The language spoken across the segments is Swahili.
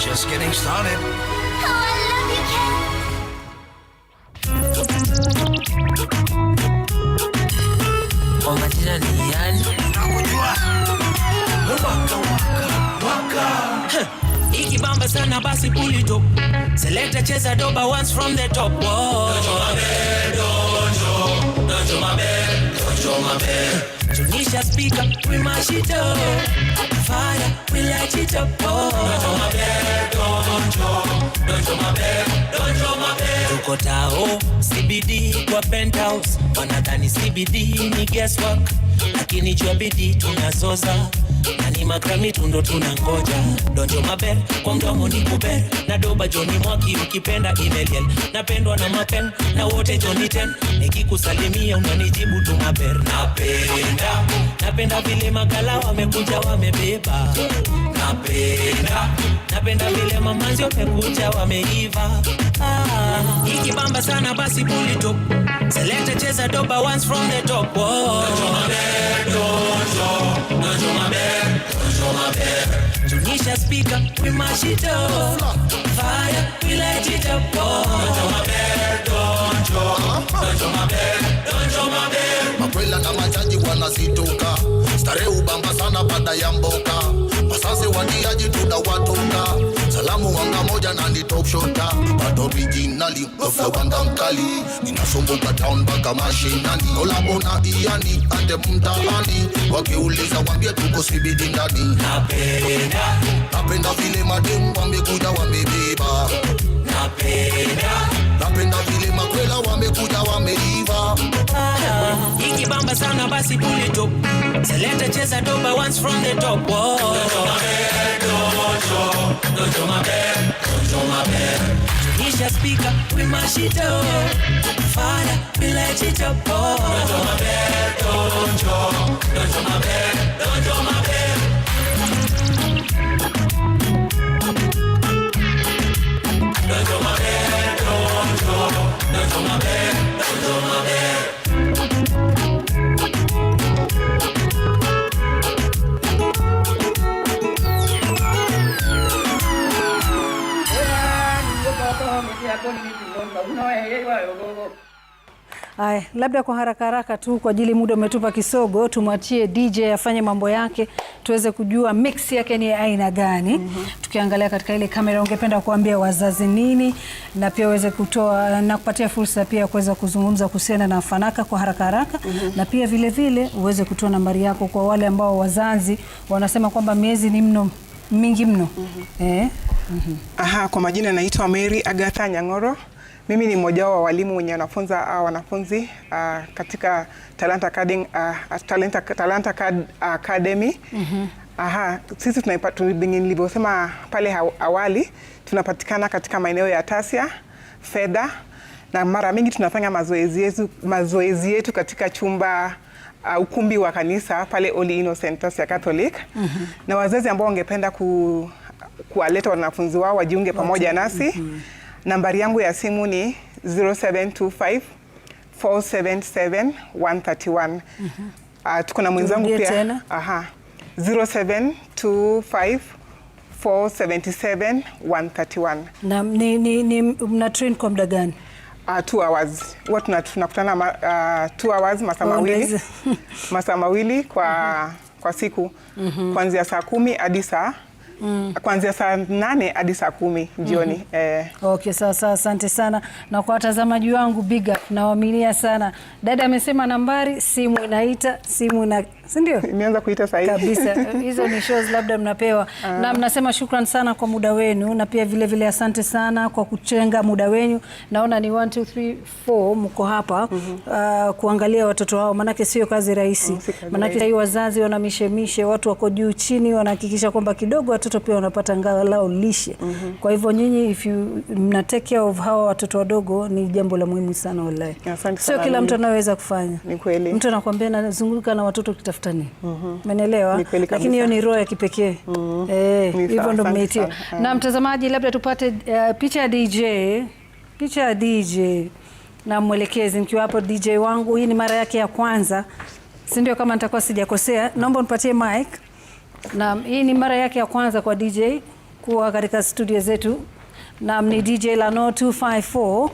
we're just getting started. Oh, I love you, Ken. Oh, majina ni yani? Nakujua. Waka, sana basi pull it up. Selector cheza once from the top. Whoa. mabe, mabe. control my man. Tunisia speaker, we mash it up. Fire, we light it up. Oh. Don't throw my bed, don't throw, don't throw my bed, don't throw my bed. Tuko tao, CBD kwa penthouse, wanadhani CBD ni guesswork, lakini jua bidii tunazoza nani makrami tundo tunangoja donjo maber kwa mdomo ni kuber na doba Joni Mwaki ukipenda ineliel napendwa na mapen na wote Joni ten nikikusalimia unanijibu tu maber napenda napenda vile magala wamekuja wamebeba napenda napenda vile mamanzi wamekuja wameiva ah. ikibamba sana basi bulito selekta cheza doba once from the top oh. donjo maber, donjo. Angela Bear, my Bear. Tunisia speak up, we mash it up. Fire, we let it up. Oh. Angela Bear, Angela Bear, my Bear. kama chaji machaji wanazituka stare ubamba sana baada ya mboka masasi watiaji tunawatoka salamu wanga moja na ni top shota bado originali ofa wanga mkali ninasumbuka town baka mashinani kolabo na iani ande mtaani wakiuliza wambia tuko sibidi ndani napenda napenda vile mademu wamekuja wamebeba napenda napenda vile makwela wamekuja sana basi pull it up. Seleta cheza doba once from the top. Tunisha speaker, we mash it up. Fire, we let it up. Dojo mabe, dojo, dojo mabe, dojo mabe. Don't do my bed, don't do, not do not don't Aya, labda kwa haraka haraka tu kwa ajili muda umetupa kisogo, tumwachie DJ afanye mambo yake tuweze kujua mix yake ni aina gani. mm -hmm. Tukiangalia katika ile kamera, ungependa kuambia wazazi nini, na pia uweze kutoa na kupatia fursa pia kuweza kuzungumza kuhusiana na fanaka kwa haraka haraka. mm -hmm. Na pia vilevile uweze kutoa nambari yako kwa wale ambao wazazi wanasema kwamba miezi ni mno mingi mno mm -hmm. eh? mm -hmm. Aha, kwa majina naitwa Mary Agatha Nyang'oro. Mimi ni mmoja wa walimu wenye wanafunza uh, wanafunzi uh, katika Talent Academy, uh, ah, Talent, Talent Academy. Mm -hmm. Aha, sisi nilivyosema pale awali tunapatikana katika maeneo ya Tasia, Fedha na mara mingi tunafanya mazoezi yetu, mazoezi yetu katika chumba uh, ukumbi wa kanisa pale Holy Innocents ya Catholic mm -hmm. na wazazi ambao wangependa ku, kuwaleta wanafunzi wao wajiunge pamoja nasi mm -hmm. nambari yangu ya simu ni 0725 477 131 mm -hmm. uh, tuko na mwenzangu pia aha 0725 477 131 na ni, ni, ni mna train kwa muda gani? uh, two hours huwa tunakutana uh, two hours masaa oh, mawili masaa mawili kwa, mm -hmm. kwa siku mm -hmm. kuanzia saa kumi hadi saa Mm. Kuanzia saa nane hadi saa kumi jioni. mm -hmm. Eh. Okay, sawa sawa, asante sana na kwa watazamaji wangu big up nawaaminia sana. Dada amesema nambari, simu inaita, simu ina sindio? Imeanza kuita sahihi kabisa. Hizo ni shows labda mnapewa uh. Na mnasema shukran sana kwa muda wenu na pia vile vile asante sana kwa kuchenga muda wenu. Naona ni 1 2 3 4 mko hapa mm -hmm. uh, kuangalia watoto wao, maanake sio kazi rahisi mm, maanake wazazi wanamishemishe, watu wako juu chini, wanahakikisha kwamba kidogo watoto pia wanapata ngao lao lishe mm -hmm. Kwa hivyo nyinyi if you mna take care of hawa watoto wadogo, ni jambo la muhimu sana wallahi. Asante sana. Sio kila mtu anaweza kufanya. Ni kweli. Mtu anakuambia nazunguka na watoto kitafuta afternoon. Mhm. Umeelewa? Lakini hiyo ni roho ya kipekee. Mhm. Eh, hivyo ndo mmeitia. Eh. Na mtazamaji, labda tupate uh, picha ya DJ, picha ya DJ na mwelekezi mkiwa hapo DJ wangu. Hii ni mara yake ya kwanza, si ndio? Kama nitakuwa sijakosea, naomba unipatie mic. Na hii ni mara yake ya kwanza kwa DJ kuwa katika studio zetu. Na ni DJ Lano 254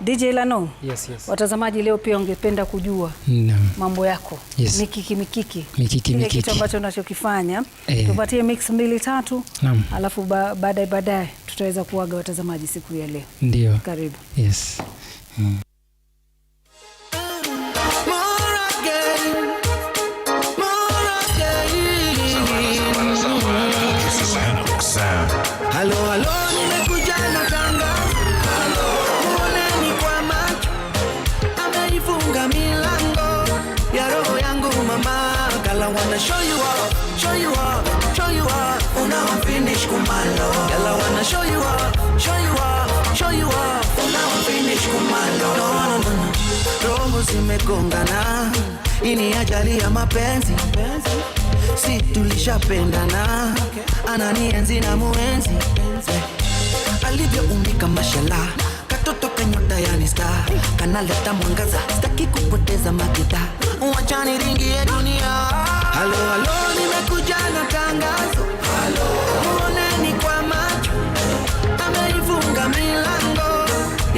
DJ Lano. Yes, yes. Watazamaji leo pia ungependa kujua no. mambo yako yes. mikiki mikiki, mikiki, kile kitu ambacho unachokifanya eh. tupatie mix mbili tatu no. alafu baadaye baadaye tutaweza kuaga watazamaji siku ya leo. Ndio. Karibu. Yes. mm. wanna show you off, show you off, show you off. Una unfinished kumalo. Girl, I wanna show you off, show you off, show you off. Una unfinished kumalo. No, no, no, no. Roho zimegongana, ini ni ajali ya mapenzi. Si tulishapendana, ananienzi na muenzi. alivyo umbika mashallah katoto kanyota yani star kanaleta mwangaza, staki kupoteza makita wachani ringi ya dunia Halo, halo, nimekuja na tangazo. Halo, muoneni kwa macho, ameifunga milango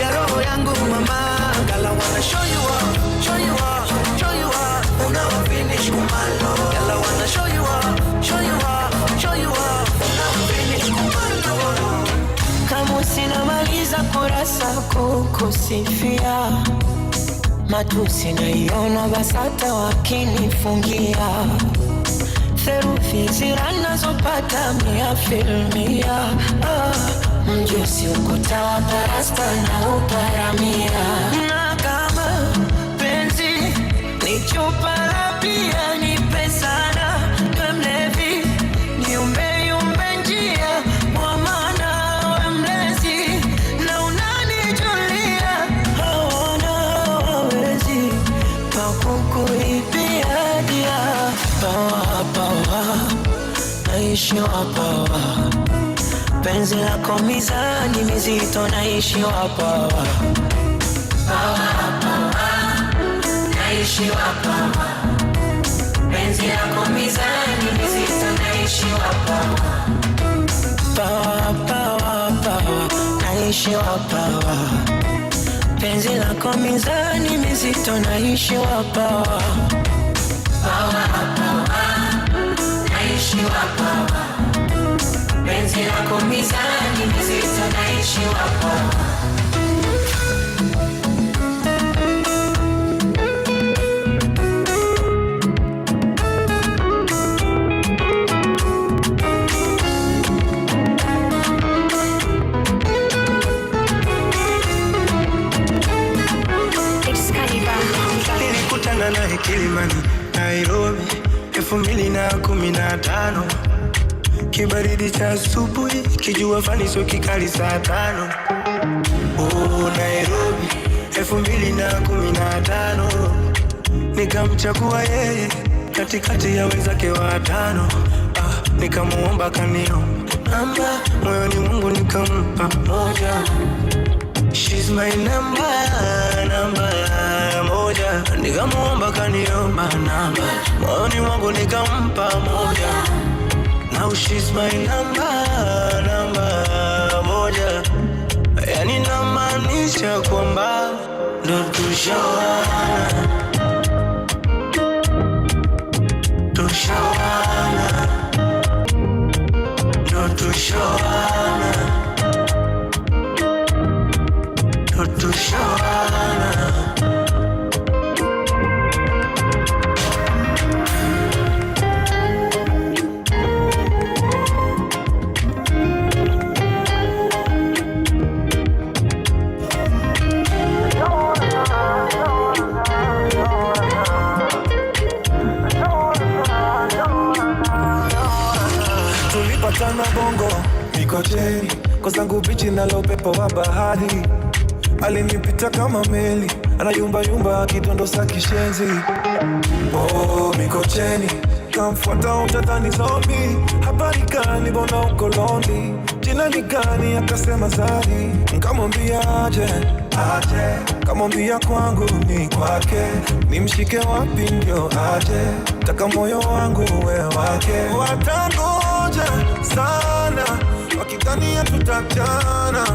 ya roho yangu mama. Gala wana show you up, show you up, show you up. Una wa finish kumalo. Gala wana show you up, show you up, show you up. Una wa finish kumalo. Kamusi kurasa Kama sina maliza kurasa kukusifia matusi naiona, basata wakinifungia therufi ziranazopata mia filmia ah, mjusi ukuta wa parasta na uparamia na kama penzi ni chupa la bia naishio hapa, penzi lako mizani mizito, naishio hapa naishi hapa, penzi lako mizani mizito, naishio hapa naishi hapa, penzi lako mizani mizito, naishio hapa naishi wapawa, penzi lako mizani mizito naishi wapawa Kilimani, Nairobi, elfu mbili kumi na tano kibaridi cha asubuhi kijua faniso kikali saa tano oh, Nairobi elfu mbili na kumi na tano nikamchagua yeye katikati ya wenzake watano ah, nikamuomba kanio namba moyoni mungu nikampa moja. She's my number, number moja, nikamuomba kaniomba namba, moyoni mwangu nikampa moja, now she's my number, namba moja, yani namaanisha kwamba ndo tushawana, tushawana, ndo tushawana, ndo tushawana sana bongo Mikocheni kwa zangu bichi nalo upepo wa bahari, alinipita kama meli anayumbayumba akidondosa kishenzi. Oh, Mikocheni kamfuata utadhani zombi. Habari gani bona uko Jina ni gani? Akasema Zari. Nkamwambia aje aje, kamwambia kwangu ni kwake, nimshike wapi ndio aje, taka moyo wangu we wake watangu pamoja sana, wakidhania tutachana,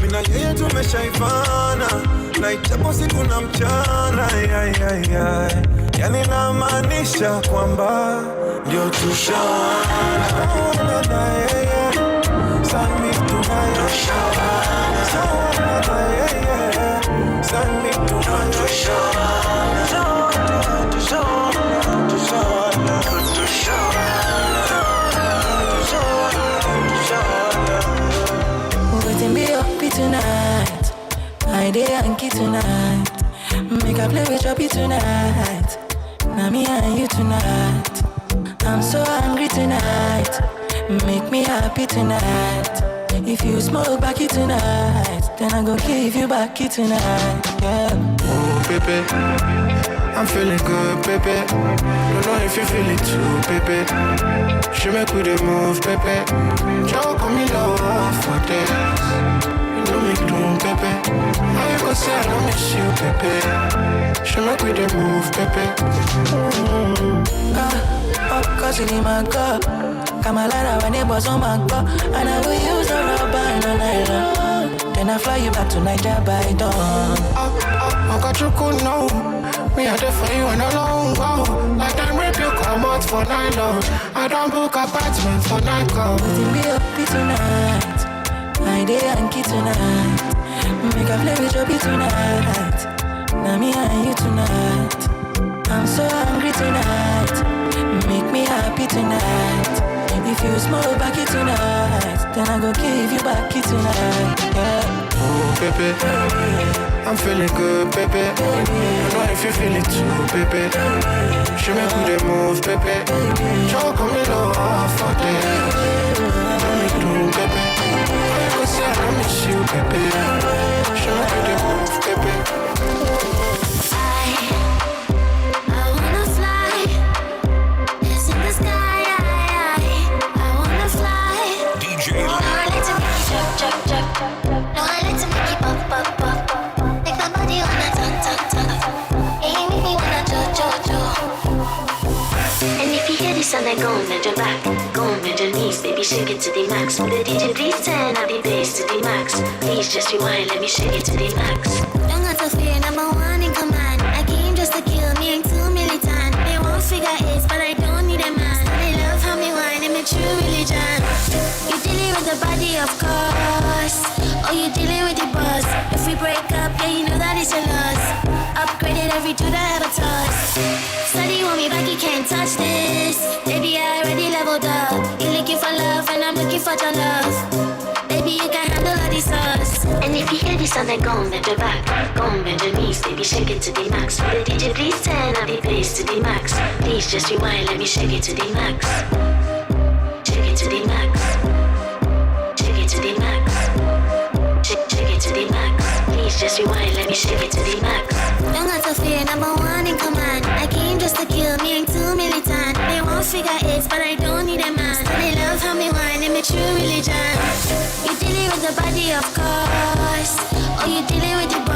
mimi na yeye tumeshaifana, na ichapo siku na mchana Yani namaanisha kwamba ndio tushawana na yeye sami tunayoshawana na yeye sami tunayoshawana tushawana tushawana tonight. I day hanky tonight. Make I play with choppy tonight. Now me and you tonight. I'm so hungry tonight. Make me happy tonight. If you smoke backy tonight, then I go give you backy tonight. Yeah. Oh, baby. I'm feeling good, baby. Don't know if you feel it too, baby. She make the move, baby. Don't on me love for this to make room, pepe. Now you gonna say I don't miss you, pepe? She make we dey move, pepe. Mm-hmm. Ah, oh, cause you need my cup. Come a lot of neighbors on my cup, and I will use a rubber and the nylon. Then I fly you back to Nigeria by dawn. Oh, oh, I got you cool now. Me I the for you and alone, wow. Like I'm ready to come out for night long. I don't book apartments for night call. Nothing be up tonight. My day key tonight. Make a play with your beat tonight. Now me and you tonight. I'm so hungry tonight. Make me happy tonight. If you smoke back it tonight, then I go give you back it tonight. Yeah. Oh, baby. I'm feeling good, baby. I know if you feel it too, baby. Show me who they move, baby. Choke on me it to the max. With the DJ please turn up the bass to the max. Please just rewind, let me shake it to the max. Don't got to fear, number one in command. I came just to kill me, ain't too militant. They won't figure it, but I don't need a man. They love how me wine, I'm a true religion. You dealing with the body, of course. or oh, you dealing with the boss. If we break up, yeah, you know that it's a loss every dude I ever touched. Said he want me back, he can't touch this. Baby, I already leveled up. You looking for love, and I'm looking for your love. Baby, you can handle all these sauce. And if you hear this song, then go on bend your back. Go on bend your knees, baby, shake it to the max. Did you please turn up the bass to the max? Please just rewind, let me shake it to the max. got eights, but I don't need a man. And they love how me wine, I'm a true religion. You are dealing with the body, of course. Oh, you are dealing with the body.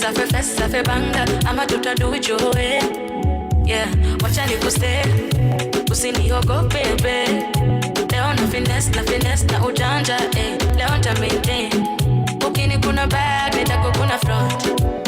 fessa fait fessa ça fait banga ama your way yeah. watch any wacha nikuse usiniogope be leo na finesse na finesse na ujanja eh. leo nta maintain ukini kuna back nitakukuna front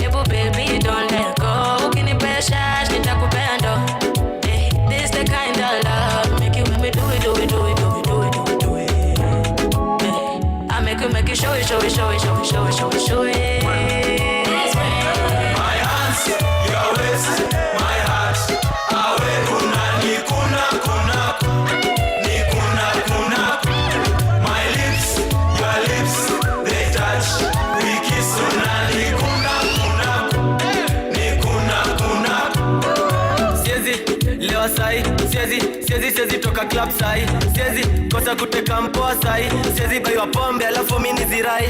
siwezi toka club sai, siwezi kosa kuteka mpoa sai, siwezi baiwa pombe alafu mini ni zirai,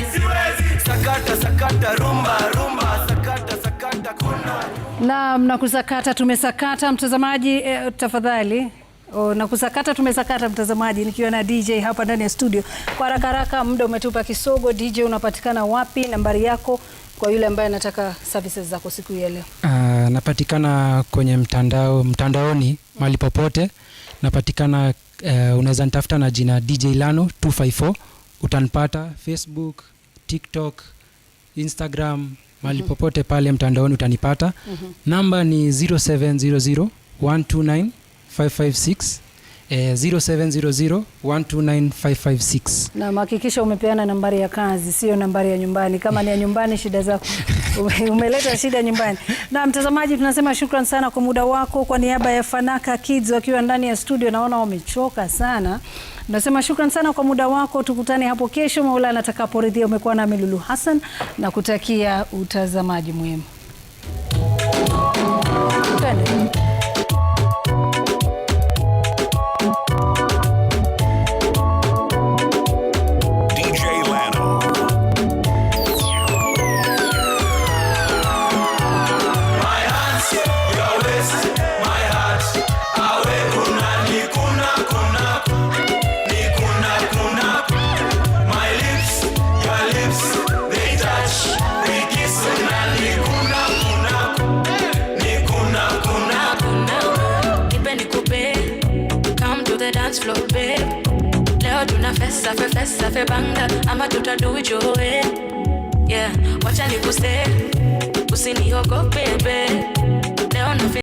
sakata sakata rumba rumba sakata sakata kuna naam, na kusakata tumesakata mtazamaji eh, tafadhali Oh, na kusakata tumesakata mtazamaji, nikiwa na DJ hapa ndani ya studio. Kwa haraka haraka, muda umetupa kisogo. DJ, unapatikana wapi? Nambari yako kwa yule ambaye anataka services zako siku ya leo? Uh, napatikana kwenye mtandao mtandaoni, mahali popote mm. Napatikana uh, unaweza nitafuta na jina DJ Lano 254 utanipata Facebook, TikTok, Instagram mali mhm. popote pale mtandaoni utanipata. mm -hmm. Namba ni 0700 129 556 0700129556 eh, Na hakikisha umepeana nambari ya kazi, sio nambari ya nyumbani. Kama ni ya nyumbani, shida zako umeleta shida nyumbani. Na mtazamaji, tunasema shukran sana kwa muda wako. Kwa niaba ya Fanaka Kids wakiwa ndani ya studio, naona wamechoka sana. nasema shukran sana kwa muda wako, tukutane hapo kesho maula atakaporidhia. Umekuwa nami Lulu Hassan na kutakia utazamaji mwema.